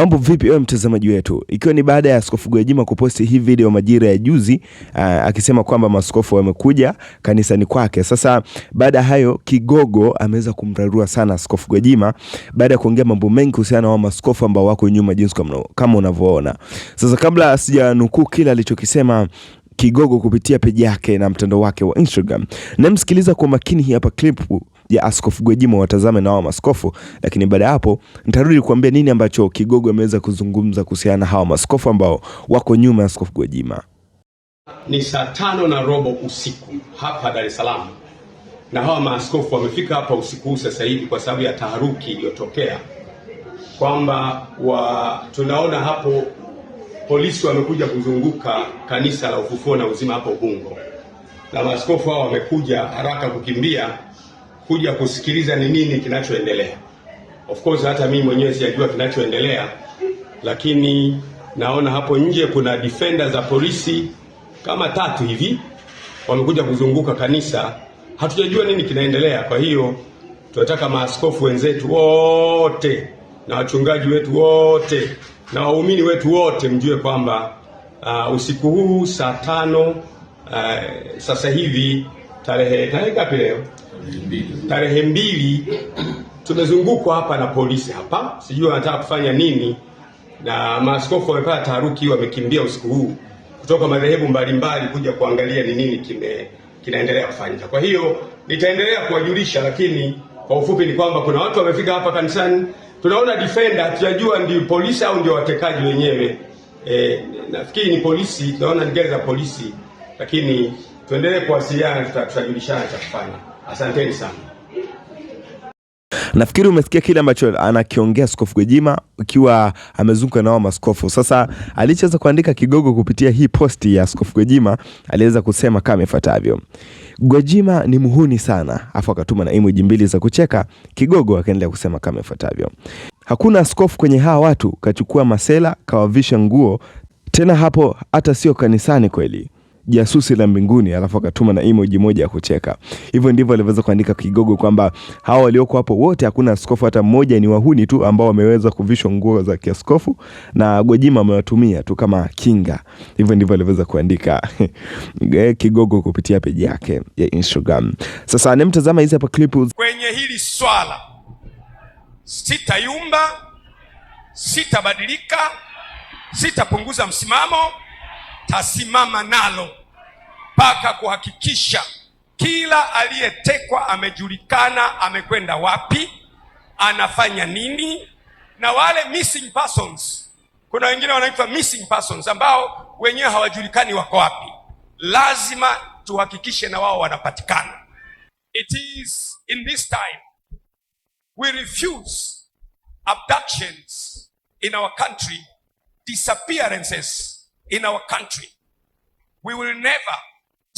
Mambo vipi wewe mtazamaji wetu, ikiwa ni baada ya Askofu Gwajima kuposti hii video majira ya juzi uh, akisema kwamba maskofu wamekuja kanisani kwake. Sasa baada hayo Kigogo ameweza kumrarua sana Askofu Gwajima baada ya kuongea mambo mengi kuhusiana na maskofu ambao wako nyuma jinsi kama unavyoona. Sasa kabla sijanukuu kila alichokisema Kigogo kupitia peji yake na mtandao wake wa Instagram, namsikiliza kwa makini hii hapa clip ya Askofu Gwajima watazame na hawa maskofu, lakini baada ya hapo nitarudi kuambia nini ambacho Kigogo ameweza kuzungumza kuhusiana na hawa maskofu ambao wako nyuma ya Askofu Gwajima. Ni saa tano na robo usiku hapa Dar es Salaam, na hawa maaskofu wamefika hapa usiku huu sasa hivi kwa sababu ya taharuki iliyotokea kwamba wa tunaona hapo polisi wamekuja kuzunguka kanisa la Ufufuo na Uzima hapo Ubungo, na maaskofu hao wamekuja haraka kukimbia kuja kusikiliza ni nini kinachoendelea. Of course hata mimi mwenyewe sijajua kinachoendelea, lakini naona hapo nje kuna defender za polisi kama tatu hivi wamekuja kuzunguka kanisa. Hatujajua nini kinaendelea. Kwa hiyo tunataka maaskofu wenzetu wote na wachungaji wetu wote na waumini wetu wote mjue kwamba uh, usiku huu saa tano uh, sasa hivi tarehe tarehe ngapi leo? Tarehe mbili. Tumezungukwa hapa na polisi hapa, sijui wanataka kufanya nini, na maaskofu wamepata taharuki, wamekimbia usiku huu kutoka madhehebu mbalimbali kuja kuangalia ni nini kime kinaendelea kufanyika. Kwa hiyo nitaendelea kuwajulisha, lakini kwa ufupi ni kwamba kuna watu wamefika hapa kanisani, tunaona defender, hatujajua ndio polisi au ndio watekaji wenyewe. E, nafikiri ni polisi, tunaona ni gari za polisi, lakini tuendelee kuwasiliana, tutajulishana cha kufanya. Asanteni sana. Nafikiri umesikia kile ambacho anakiongea Skofu Gwajima ikiwa amezunguka nao maskofu. Sasa alichoweza kuandika Kigogo kupitia hii posti ya Skofu Gwajima aliweza kusema kama ifuatavyo: Gwajima ni muhuni sana, afu akatuma na emoji mbili za kucheka. Kigogo akaendelea kusema kama ifuatavyo: hakuna askofu kwenye hawa watu, kachukua masela kawavisha nguo tena hapo, hata sio kanisani kweli jasusi la mbinguni, alafu akatuma na emoji moja ya kucheka. Hivyo ndivyo alivyoweza kuandika Kigogo kwamba hawa walioko hapo wote, hakuna askofu hata mmoja, ni wahuni tu ambao wameweza kuvishwa nguo za kiaskofu na Gwajima amewatumia tu kama kinga. Hivyo ndivyo alivyoweza kuandika Kigogo kupitia peji yake ya Instagram. Sasa anemtazama hizi hapa clip kwenye hili swala, sitayumba, sitabadilika, sitapunguza msimamo, tasimama nalo mpaka kuhakikisha kila aliyetekwa amejulikana, amekwenda wapi, anafanya nini, na wale missing persons, kuna wengine wanaitwa missing persons ambao wenyewe hawajulikani wako wapi, lazima tuhakikishe na wao wanapatikana. It is in this time we refuse abductions in our country, disappearances in our country. We will never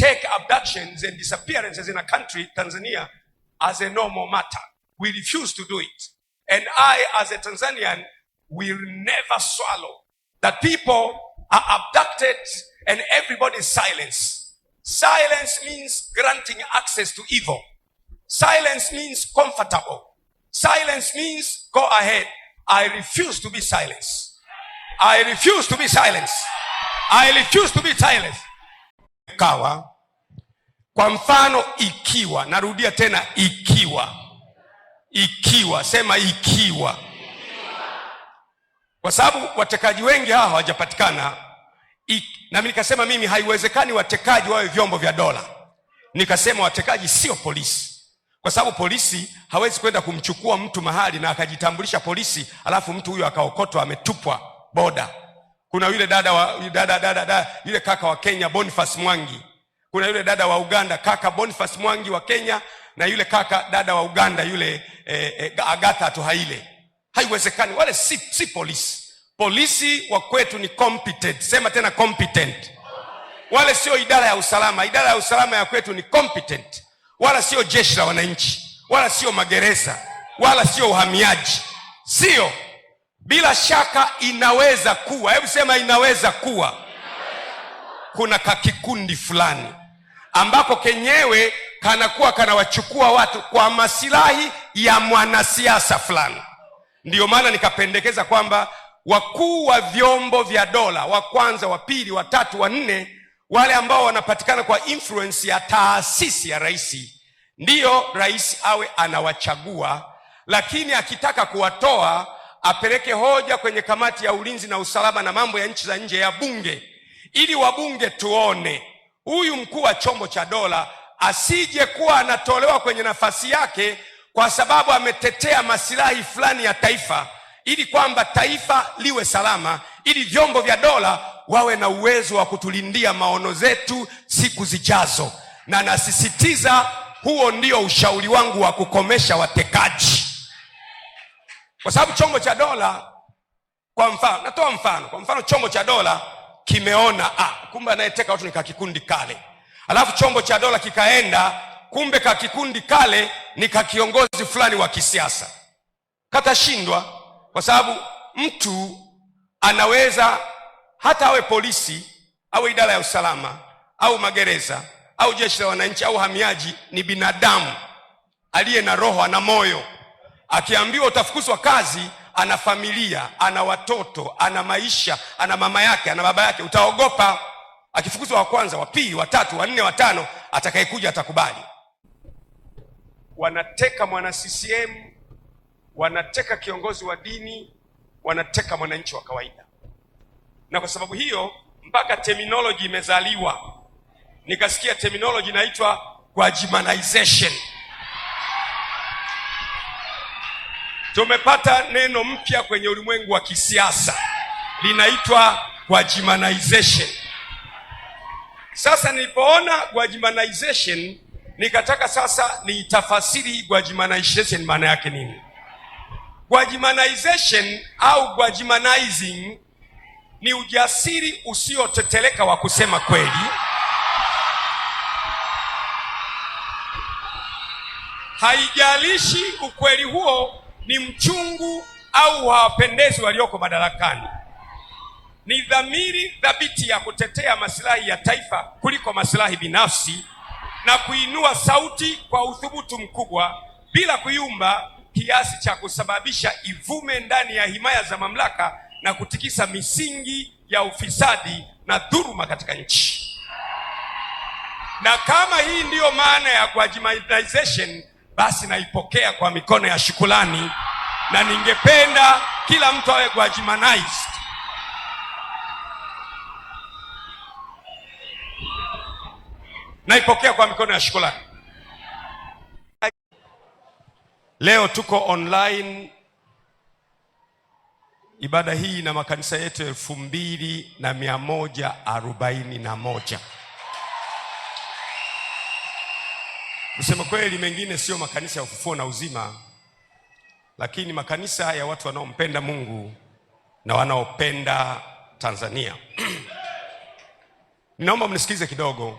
take abductions and disappearances in a country, Tanzania, as a normal matter. We refuse to do it. And I, as a Tanzanian, will never swallow that people are abducted and everybody's silence. Silence means granting access to evil. Silence means comfortable. Silence means go ahead. I refuse to be silenced. I refuse to be silenced. I refuse to be silenced. Kawa Kwa mfano, ikiwa, narudia tena, ikiwa, ikiwa, sema ikiwa, kwa sababu watekaji wengi hawa hawajapatikana. Nami nikasema mimi, haiwezekani watekaji wawe vyombo vya dola. Nikasema watekaji sio polisi, kwa sababu polisi hawezi kwenda kumchukua mtu mahali na akajitambulisha polisi, alafu mtu huyo akaokotwa ametupwa boda. Kuna yule dada wa, yule, dada, dada, dada, yule kaka wa Kenya Boniface Mwangi kuna yule dada wa Uganda kaka Boniface Mwangi wa Kenya na yule kaka dada wa Uganda yule eh, eh, Agatha tuhaile Haiwezekani, wale si, si polisi. Polisi wa kwetu ni competent, sema tena competent. Wale sio idara ya usalama. Idara ya usalama ya kwetu ni competent, wala sio jeshi la wananchi, wala sio magereza, wala sio uhamiaji. Sio bila shaka, inaweza kuwa, hebu sema, inaweza kuwa kuna kakikundi fulani ambako kenyewe kanakuwa kanawachukua watu kwa masilahi ya mwanasiasa fulani. Ndiyo maana nikapendekeza kwamba wakuu wa vyombo vya dola wa kwanza, wa pili, wa tatu, wa nne, wale ambao wanapatikana kwa influence ya taasisi ya rais, ndiyo rais awe anawachagua, lakini akitaka kuwatoa apeleke hoja kwenye kamati ya ulinzi na usalama na mambo ya nchi za nje ya bunge, ili wabunge tuone huyu mkuu wa chombo cha dola asije kuwa anatolewa kwenye nafasi yake kwa sababu ametetea masilahi fulani ya taifa, ili kwamba taifa liwe salama, ili vyombo vya dola wawe na uwezo wa kutulindia maono zetu siku zijazo. Na nasisitiza, huo ndio ushauri wangu wa kukomesha watekaji, kwa sababu chombo cha dola, kwa mfano, natoa mfano, kwa mfano chombo cha dola kimeona ah, kumbe anayeteka watu ni kakikundi kale, alafu chombo cha dola kikaenda, kumbe kakikundi kale ni kakiongozi fulani wa kisiasa. Katashindwa kwa sababu mtu anaweza hata awe polisi au idara ya usalama au magereza au jeshi la wananchi au hamiaji, ni binadamu aliye na roho, ana moyo. Akiambiwa utafukuzwa kazi ana familia, ana watoto, ana maisha, ana mama yake, ana baba yake, utaogopa. Akifukuzwa wa kwanza, wa pili, watatu, wanne, watano, atakayekuja atakubali. Wanateka mwana CCM, wanateka kiongozi wa dini, wanateka mwananchi wa kawaida. Na kwa sababu hiyo mpaka terminology imezaliwa, nikasikia terminology inaitwa Gwajimanization. Tumepata neno mpya kwenye ulimwengu wa kisiasa linaitwa Gwajimanization. Sasa nilipoona Gwajimanization nikataka sasa niitafasiri Gwajimanization maana yake nini? Gwajimanization au Gwajimanizing ni ujasiri usioteteleka wa kusema kweli haijalishi ukweli huo ni mchungu au hawapendezi walioko madarakani. Ni dhamiri thabiti ya kutetea masilahi ya taifa kuliko masilahi binafsi na kuinua sauti kwa uthubutu mkubwa bila kuyumba kiasi cha kusababisha ivume ndani ya himaya za mamlaka na kutikisa misingi ya ufisadi na dhuluma katika nchi. Na kama hii ndiyo maana ya Gwajimalization basi naipokea kwa mikono ya shukulani na ningependa kila mtu awe Gwajimanized. Naipokea kwa mikono ya shukulani Leo tuko online ibada hii na makanisa yetu elfu mbili na mia moja arobaini na moja. Kusema kweli, mengine sio makanisa ya ufufuo na uzima, lakini makanisa ya watu wanaompenda Mungu na wanaopenda Tanzania. Ninaomba mnisikize kidogo.